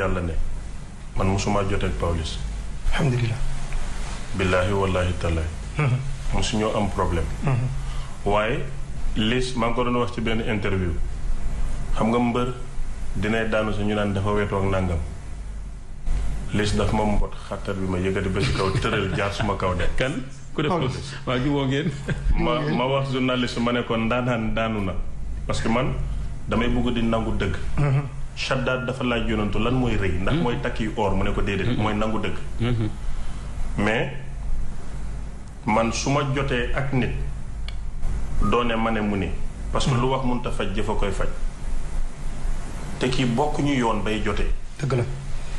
yàlla ne man musuma jot ak Pawlish. alhamdulilah. billahi wallahi tallahi. mosuñoo mm-hmm. am problème. Mm-hmm. waaye lis ma ngi ko doon wax ci benn interview xam nga mbër dinay daanu sa ñu naan dafa weetoo ak nangam lis daf ma mbot xattar bi ma yëgati ba si kaw tëral jaar suma kaw de. kan ku def waa ji woo ngeen. ma ma wax journaliste ma ne ko ndaanaan daanu na parce que man damay bëgg di nangu dëgg. Mm-hmm shaddaat dafa laaj yonantu lan mooy rëy ndax hmm. mooy takk or mu ne ko déedéet hmm. mooy nangu dëgg hmm. mais man su ma jotee ak nit doone ma ne mu ni parce que lu wax munta faj jëfa koy faj te kii bokk ñu yoon bay jotee dëgg la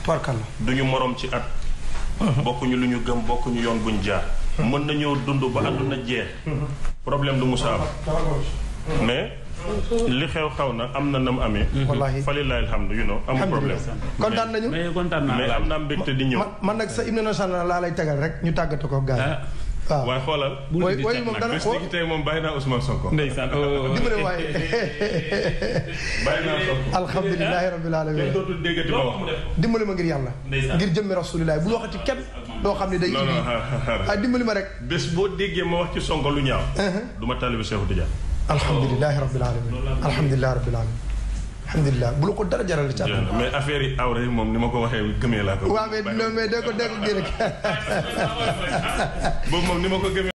tubarkal la duñu morom ci at bokkuñu lu ñu gëm bokkuñu yoon buñ jaar mën nañoo dund ba àdduna jeex problème du musa mais li xew xaw na am na nam amé wallahi falilahi alhamdu you know am problème. kontan nañu mais kontan na mais am naa mbégte di ñew man nak sa ibnu national la lay tagal rek ñu tàggatoo ko gaay yi. xolal ah. waaye xoolal. mom dana ko ci tay mom bayna Ousmane Sonko. ndeysaan oh, oh, oh. dimbale waaye. bàyyi bayna Sonko. alhamdulilah rabbil alamin. do dootul degati ba wax. dimbale ma ngir yalla ngir jëmmé rasulilah bu waxati kenn. do xamni ne day. non non dimbali ma rek. bes bo déggé ma wax ci Sonko lu ñaaw. Uh-huh. duma talibé taalibi tidiane الحمد لله رب العالمين الحمد لله رب العالمين الحمد لله بلو كو دارا جارال تي افيري اوري موم نيما كو واخا گمي لا كو وا مي نو مي دكو